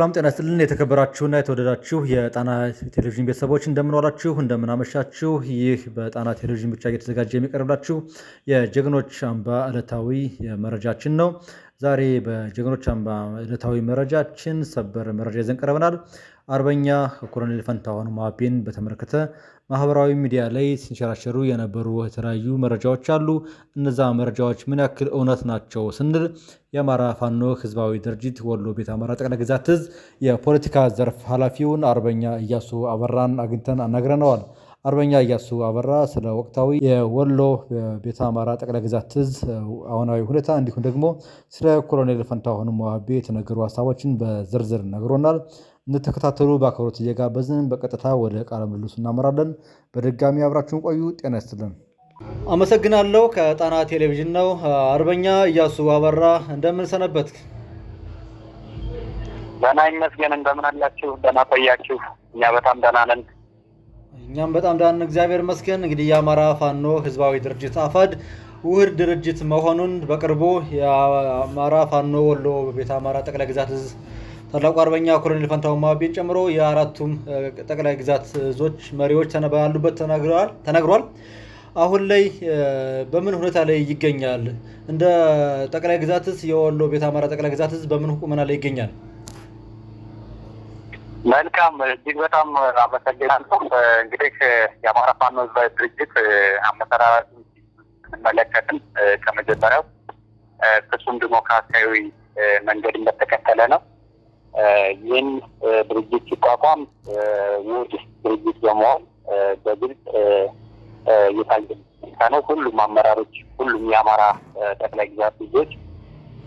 ሰላም ጤና ስትልን የተከበራችሁና የተወደዳችሁ የጣና ቴሌቪዥን ቤተሰቦች እንደምንዋላችሁ፣ እንደምናመሻችሁ። ይህ በጣና ቴሌቪዥን ብቻ እየተዘጋጀ የሚቀርብላችሁ የጀግኖች አምባ ዕለታዊ መረጃችን ነው። ዛሬ በጀግኖች አምባ ዕለታዊ መረጃችን ሰበር መረጃ ይዘን ቀርበናል። አርበኛ ኮሎኔል ፈንታሁን ማቤን በተመለከተ ማህበራዊ ሚዲያ ላይ ሲንሸራሸሩ የነበሩ የተለያዩ መረጃዎች አሉ። እነዛ መረጃዎች ምን ያክል እውነት ናቸው ስንል የአማራ ፋኖ ህዝባዊ ድርጅት ወሎ ቤት አማራ ጠቅላይ ግዛት እዝ የፖለቲካ ዘርፍ ኃላፊውን አርበኛ እያሱ አበራን አግኝተን አናግረነዋል። አርበኛ እያሱ አበራ ስለ ወቅታዊ የወሎ ቤተ አማራ ጠቅላይ ግዛት እዝ አሁናዊ ሁኔታ እንዲሁም ደግሞ ስለ ኮሎኔል ፈንታሁን ሞሀቤ የተነገሩ ሀሳቦችን በዝርዝር ነግሮናል። እንድትከታተሉ በአክብሮት እየጋበዝን በቀጥታ ወደ ቃለ ምልልሱ እናመራለን። በድጋሚ አብራችሁን ቆዩ። ጤና ይስጥልን። አመሰግናለሁ። ከጣና ቴሌቪዥን ነው። አርበኛ እያሱ አበራ እንደምን ሰነበት? ደህና ይመስገን። እንደምን አላችሁ? ደህና ቆያችሁ? እኛ በጣም ደህና ነን። እኛም በጣም ዳን እግዚአብሔር መስገን እንግዲህ የአማራ ፋኖ ህዝባዊ ድርጅት አፋድ ውህድ ድርጅት መሆኑን በቅርቡ የአማራ ፋኖ ወሎ ቤተ አማራ ጠቅላይ ግዛት እዝ ታላቁ አርበኛ ኮሎኔል ፈንታው ማቤን ጨምሮ የአራቱም ጠቅላይ ግዛት እዞች መሪዎች ባሉበት ተነግሯል። አሁን ላይ በምን ሁኔታ ላይ ይገኛል? እንደ ጠቅላይ ግዛትስ የወሎ ቤተ አማራ ጠቅላይ ግዛትስ በምን ቁመና ላይ ይገኛል? መልካም እጅግ በጣም አመሰግናለሁ። እንግዲህ የአማራ ፋኖ ህዝባዊ ድርጅት አመሰራራት ስንመለከትም ከመጀመሪያው ፍጹም ዲሞክራሲያዊ መንገድ እንደተከተለ ነው። ይህን ድርጅት ሲቋቋም ውድ ድርጅት በመሆን በግልጽ የታየ ነው። ሁሉም አመራሮች፣ ሁሉም የአማራ ጠቅላይ ግዛት ልጆች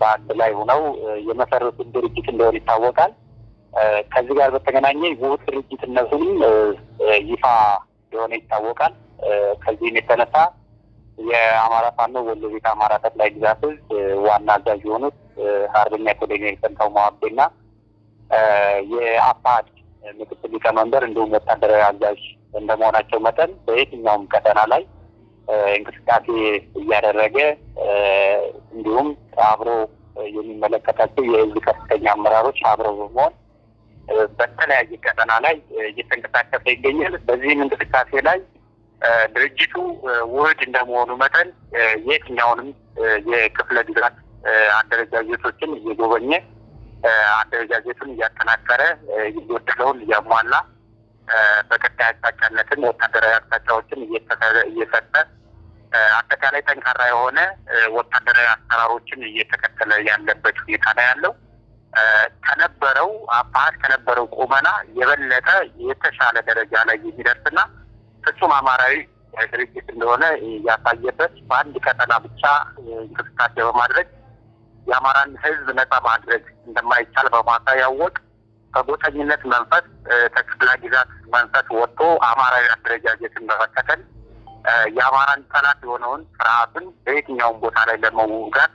በአንድ ላይ ሆነው የመሰረቱት ድርጅት እንደሆነ ይታወቃል። ከዚህ ጋር በተገናኘ ውሁድ ድርጅትነቱንም ይፋ የሆነ ይታወቃል። ከዚህም የተነሳ የአማራ ፋኖ ወሎ ቤት አማራ ጠቅላይ ግዛት ህዝብ ዋና አዛዥ የሆኑት አርበኛ ኮሎኔል ፈንታው ማዋቤና የአፋድ ምክትል ሊቀመንበር እንዲሁም ወታደራዊ አዛዥ እንደመሆናቸው መጠን በየትኛውም ቀጠና ላይ እንቅስቃሴ እያደረገ እንዲሁም አብሮ የሚመለከታቸው የህዝብ ከፍተኛ አመራሮች አብረው በመሆን በተለያየ ቀጠና ላይ እየተንቀሳቀሰ ይገኛል። በዚህም እንቅስቃሴ ላይ ድርጅቱ ውህድ እንደመሆኑ መጠን የትኛውንም የክፍለ ግዛት አደረጃጀቶችን እየጎበኘ አደረጃጀቱን እያጠናከረ እየጎደለውን እያሟላ በቀጣይ አቅጣጫነትን ወታደራዊ አቅጣጫዎችን እየሰጠ አጠቃላይ ጠንካራ የሆነ ወታደራዊ አሰራሮችን እየተከተለ ያለበት ሁኔታ ላይ ያለው። ከነበረው አፋት ከነበረው ቁመና የበለጠ የተሻለ ደረጃ ላይ የሚደርስና ፍጹም አማራዊ ድርጅት እንደሆነ ያሳየበት በአንድ ቀጠና ብቻ እንቅስቃሴ በማድረግ የአማራን ሕዝብ ነጻ ማድረግ እንደማይቻል ያወቅ ከጎጠኝነት መንፈስ ከክፍለ ግዛት መንፈስ ወጥቶ አማራዊ አደረጃጀትን በመከተል የአማራን ጠላት የሆነውን ፍርሃትን በየትኛውም ቦታ ላይ ለመውጋት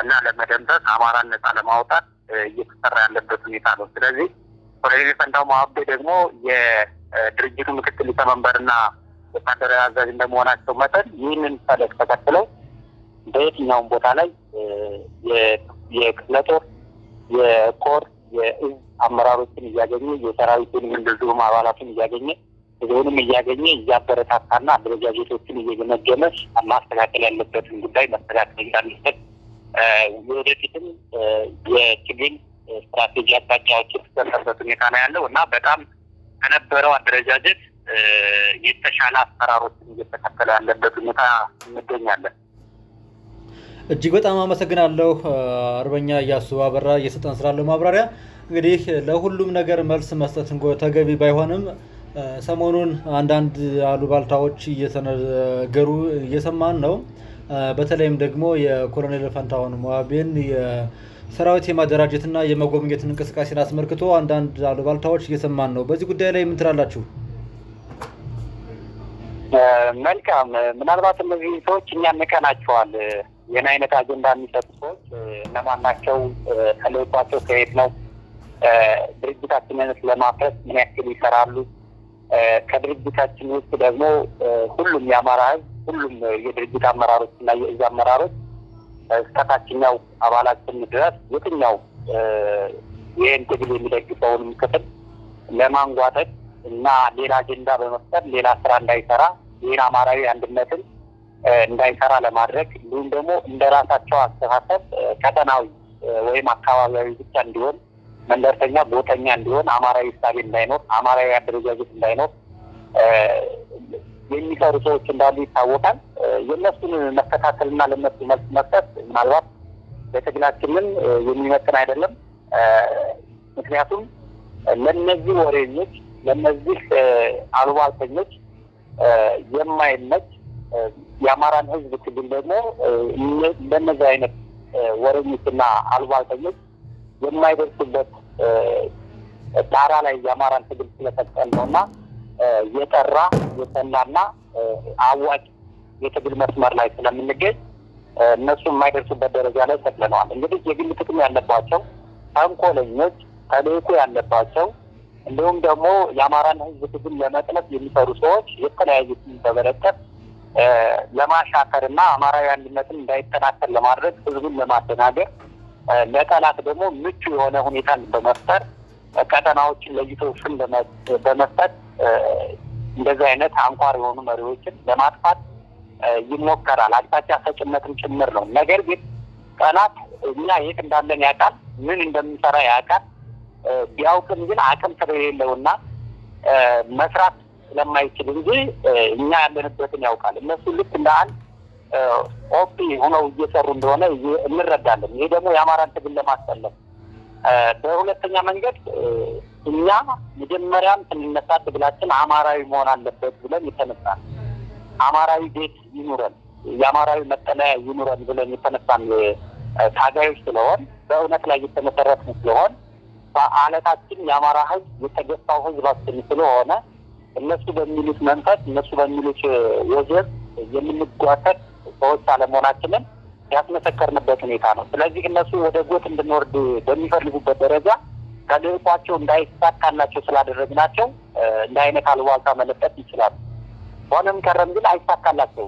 እና ለመደምሰስ አማራን ነጻ ለማውጣት እየተሰራ ያለበት ሁኔታ ነው። ስለዚህ ኮሎኔል ፈንታው ማሀቤ ደግሞ የድርጅቱ ምክትል ሊቀመንበርና ወታደራዊ አዛዥ እንደመሆናቸው መጠን ይህንን ፈለግ ተከትለው በየትኛውም ቦታ ላይ የክፍለ ጦር፣ የኮር፣ የእዝ አመራሮችን እያገኘ የሰራዊቱንም እንደዚሁም አባላትን እያገኘ ህዝቡንም እያገኘ እያበረታታና አደረጃጀቶችን እየገመገመ ማስተካከል ያለበትን ጉዳይ ማስተካከል እንዳለበት ወደፊትም የትግል ስትራቴጂ አቅጣጫዎች የተሰጠበት ሁኔታ ነው ያለው እና በጣም ከነበረው አደረጃጀት የተሻለ አሰራሮችን እየተከተለ ያለበት ሁኔታ እንገኛለን። እጅግ በጣም አመሰግናለሁ አርበኛ እያሱ አበራ እየሰጠን ስላለው ማብራሪያ። እንግዲህ ለሁሉም ነገር መልስ መስጠት ተገቢ ባይሆንም ሰሞኑን አንዳንድ አሉባልታዎች እየተነገሩ እየሰማን ነው። በተለይም ደግሞ የኮሎኔል ፋንታሁን ሞአቤን የሰራዊት የማደራጀትና የመጎብኘትን እንቅስቃሴን አስመልክቶ አንዳንድ አሉባልታዎች እየሰማን ነው። በዚህ ጉዳይ ላይ ምን ትላላችሁ? መልካም። ምናልባት እነዚህ ሰዎች እኛን ንቀናቸዋል። ይህን አይነት አጀንዳ የሚሰጡ ሰዎች እነማን ናቸው? ተልዕኳቸው ከየት ነው? ድርጅታችንንስ ለማፍረስ ምን ያክል ይሰራሉ? ከድርጅታችን ውስጥ ደግሞ ሁሉም የአማራ ህዝብ ሁሉም የድርጅት አመራሮች እና የእዝ አመራሮች እስከ ታችኛው አባላችን ድረስ የትኛው ይህን ትግል የሚደግፈውን ክፍል ለማንጓጠጥ እና ሌላ አጀንዳ በመፍጠር ሌላ ስራ እንዳይሰራ ይህን አማራዊ አንድነትን እንዳይሰራ ለማድረግ እንዲሁም ደግሞ እንደ ራሳቸው አስተሳሰብ ቀጠናዊ ወይም አካባቢያዊ ብቻ እንዲሆን፣ መንደርተኛ ቦተኛ እንዲሆን፣ አማራዊ ሳቤ እንዳይኖር፣ አማራዊ አደረጃጀት እንዳይኖር የሚሰሩ ሰዎች እንዳሉ ይታወቃል። የእነሱን መከታተልና ለእነሱ መልስ መስጠት ምናልባት ለትግላችንም የሚመጥን አይደለም። ምክንያቱም ለነዚህ ወሬኞች፣ ለነዚህ አሉባልተኞች የማይመች የአማራን ሕዝብ ትግል ደግሞ ለነዚህ አይነት ና አሉባልተኞች የማይደርሱበት ጣራ ላይ የአማራን ትግል ስለቀጠል ነው እና የጠራ የሰናና አዋጭ የትግል መስመር ላይ ስለምንገኝ እነሱ የማይደርሱበት ደረጃ ላይ ሰቅለነዋል። እንግዲህ የግል ጥቅም ያለባቸው ተንኮለኞች፣ ተልዕኮ ያለባቸው እንዲሁም ደግሞ የአማራን ሕዝብ ትግል ለመጥለፍ የሚሰሩ ሰዎች የተለያዩ ስም በመለጠፍ ለማሻከር እና አማራዊ አንድነትን እንዳይጠናከር ለማድረግ ሕዝቡን ለማደናገር ለጠላት ደግሞ ምቹ የሆነ ሁኔታን በመፍጠር ቀጠናዎችን ለይቶ ስም በመስጠት እንደዚህ አይነት አንኳር የሆኑ መሪዎችን ለማጥፋት ይሞከራል። አቅጣጫ ሰጭነትም ጭምር ነው። ነገር ግን ጠላት እኛ የት እንዳለን ያውቃል፣ ምን እንደምንሰራ ያውቃል። ቢያውቅም ግን አቅም ስለሌለውና መስራት ስለማይችል እንጂ እኛ ያለንበትን ያውቃል። እነሱ ልክ እንደ አንድ ኦፒ ሆነው እየሰሩ እንደሆነ እንረዳለን። ይሄ ደግሞ የአማራን ትግል ለማስጠለም በሁለተኛ መንገድ እኛ መጀመሪያም ስንነሳ ትግላችን አማራዊ መሆን አለበት ብለን የተነሳ አማራዊ ቤት ይኑረን፣ የአማራዊ መጠለያ ይኑረን ብለን የተነሳን ታጋዮች ስለሆን በእውነት ላይ የተመሰረት ስለሆን በአለታችን የአማራ ህዝብ የተገፋው ህዝባችን ስለሆነ እነሱ በሚሉት መንፈስ እነሱ በሚሉት ወዘብ የምንጓተት ሰዎች አለመሆናችንን ያስመሰከርንበት ሁኔታ ነው። ስለዚህ እነሱ ወደ ጎት እንድንወርድ በሚፈልጉበት ደረጃ ተልዕኳቸው እንዳይሳካላቸው ናቸው እንደ አይነት አልዋልታ መለጠት ይችላል። ሆነም ከረም ግን አይሳካላቸው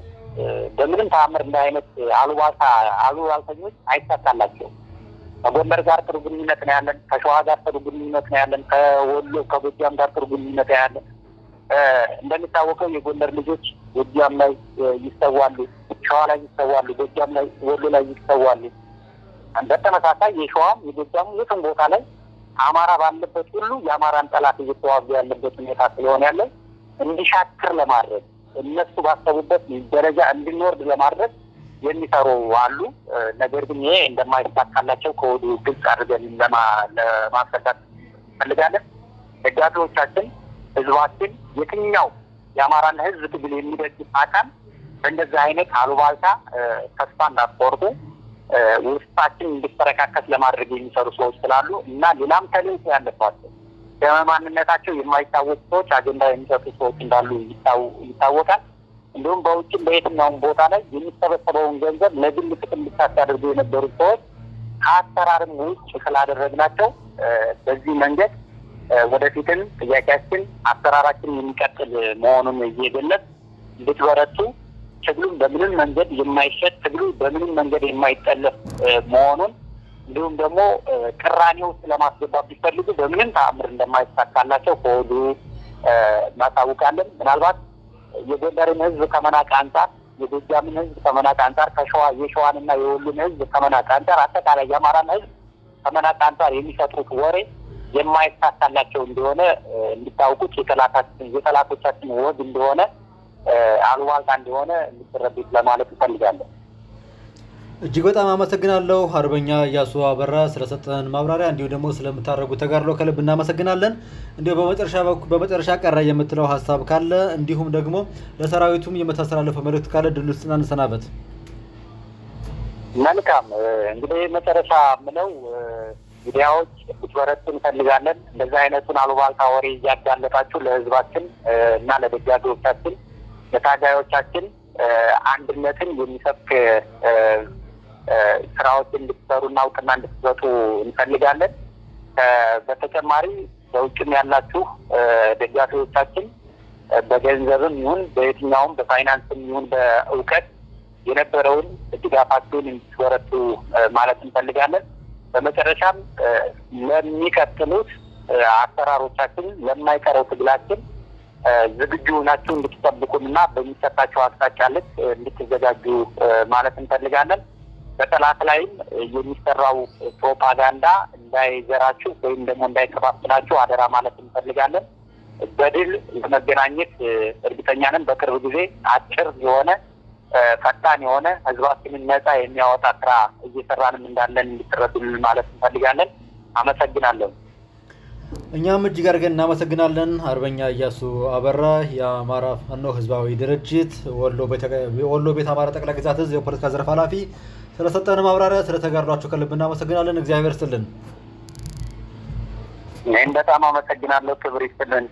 በምንም ተአምር እንደ አይነት አልዋልታ አልዋልተኞች አይሳካላቸው። ከጎንደር ጋር ጥሩ ግንኙነት ነው ያለን፣ ከሸዋ ጋር ጥሩ ግንኙነት ነው ያለን፣ ከወሎ ከጎጃም ጋር ጥሩ ግንኙነት ነው ያለን። እንደሚታወቀው የጎንደር ልጆች ጎጃም ላይ ይሰዋሉ፣ ሸዋ ላይ ይሰዋሉ፣ ጎጃም ላይ ወሎ ላይ ይሰዋሉ። በተመሳሳይ የሸዋም የጎጃሙ የትም ቦታ ላይ አማራ ባለበት ሁሉ የአማራን ጠላት እየተዋጉ ያለበት ሁኔታ ስለሆነ ያለ እንዲሻክር ለማድረግ እነሱ ባሰቡበት ደረጃ እንድንወርድ ለማድረግ የሚሰሩ አሉ። ነገር ግን ይሄ እንደማይሳካላቸው ከወዲሁ ግልጽ አድርገን ለማስረዳት እንፈልጋለን። ደጋፊዎቻችን፣ ህዝባችን፣ የትኛው የአማራን ህዝብ ትግል የሚደግፍ አካል በእንደዚህ አይነት አሉባልታ ተስፋ እንዳትቆርጡ ውስጣችን እንዲፈረካከስ ለማድረግ የሚሰሩ ሰዎች ስላሉ እና ሌላም ተልዕኮ ያለባቸው በማንነታቸው የማይታወቁ ሰዎች አጀንዳ የሚሰጡ ሰዎች እንዳሉ ይታወቃል። እንዲሁም በውጭም በየትኛውም ቦታ ላይ የሚሰበሰበውን ገንዘብ ለግል ጥቅም ብቻ ሲያደርጉ የነበሩ ሰዎች ከአሰራርም ውጭ ስላደረግናቸው በዚህ መንገድ ወደፊትም ጥያቄያችን አሰራራችን የሚቀጥል መሆኑን እየገለጽ እንድትበረቱ ትግሉም በምንም መንገድ የማይሸጥ ትግሉ በምንም መንገድ የማይጠለፍ መሆኑን እንዲሁም ደግሞ ቅራኔ ውስጥ ለማስገባት ቢፈልጉ በምንም ተአምር እንደማይሳካላቸው ከወዱ እናሳውቃለን። ምናልባት የጎንደርን ህዝብ ከመናቅ አንጻር፣ የጎጃምን ህዝብ ከመናቅ አንጻር፣ ከሸዋ የሸዋንና የወሉን ህዝብ ከመናቅ አንጻር፣ አጠቃላይ የአማራን ህዝብ ከመናቅ አንጻር የሚሰጡት ወሬ የማይሳካላቸው እንደሆነ እንዲታውቁት የጠላቶቻችን ወግ እንደሆነ አሉባልታ እንደሆነ እንዲተረዱት ለማለት እፈልጋለሁ። እጅግ በጣም አመሰግናለሁ አርበኛ እያሱ አበራ ስለሰጠን ማብራሪያ እንዲሁ ደግሞ ስለምታደርጉ ተጋድሎ ከልብ እናመሰግናለን። እንዲሁ በመጨረሻ በመጨረሻ ቀረ የምትለው ሀሳብ ካለ እንዲሁም ደግሞ ለሰራዊቱም የምታስተላለፈው መልእክት ካለ ድል ውስጥ እንሰናበት። መልካም እንግዲህ መጨረሻ ምለው ሚዲያዎች ትበረቱ እንፈልጋለን። እንደዚህ አይነቱን አሉባልታ ወሬ እያጋለጣችሁ ለህዝባችን እና ለደጋፊዎቻችን ለታጋዮቻችን አንድነትን የሚሰብክ እንድትሰሩ እንድትሰሩና እውቅና እንድትሰጡ እንፈልጋለን። በተጨማሪ በውጭም ያላችሁ ደጋፊዎቻችን በገንዘብም ይሁን በየትኛውም በፋይናንስም ይሁን በእውቀት የነበረውን ድጋፋችሁን እንድትወረቱ ማለት እንፈልጋለን። በመጨረሻም ለሚቀጥሉት አሰራሮቻችን ለማይቀረው ትግላችን ዝግጁ ናችሁ እንድትጠብቁን እና በሚሰጣቸው አቅጣጫ ልክ እንድትዘጋጁ ማለት እንፈልጋለን። በጠላት ላይም የሚሰራው ፕሮፓጋንዳ እንዳይዘራችሁ ወይም ደግሞ እንዳይከፋፍላችሁ አደራ ማለት እንፈልጋለን። በድል ለመገናኘት እርግጠኛ ነን። በቅርብ ጊዜ አጭር የሆነ ፈጣን የሆነ ህዝባችንን ነጻ የሚያወጣ ስራ እየሰራንም እንዳለን እንድትረዱልን ማለት እንፈልጋለን። አመሰግናለሁ። እኛም እጅግ አድርገን እናመሰግናለን። አርበኛ እያሱ አበራ የአማራ ፋኖ ህዝባዊ ድርጅት ወሎ ቤት አማራ ጠቅላይ ግዛት የፖለቲካ ዘርፍ ኃላፊ ስለሰጠን ማብራሪያ ስለተጋርዷቸው ከልብ እናመሰግናለን። እግዚአብሔር ስጥልን። ይህም በጣም አመሰግናለሁ። ክብር ይስጥልን።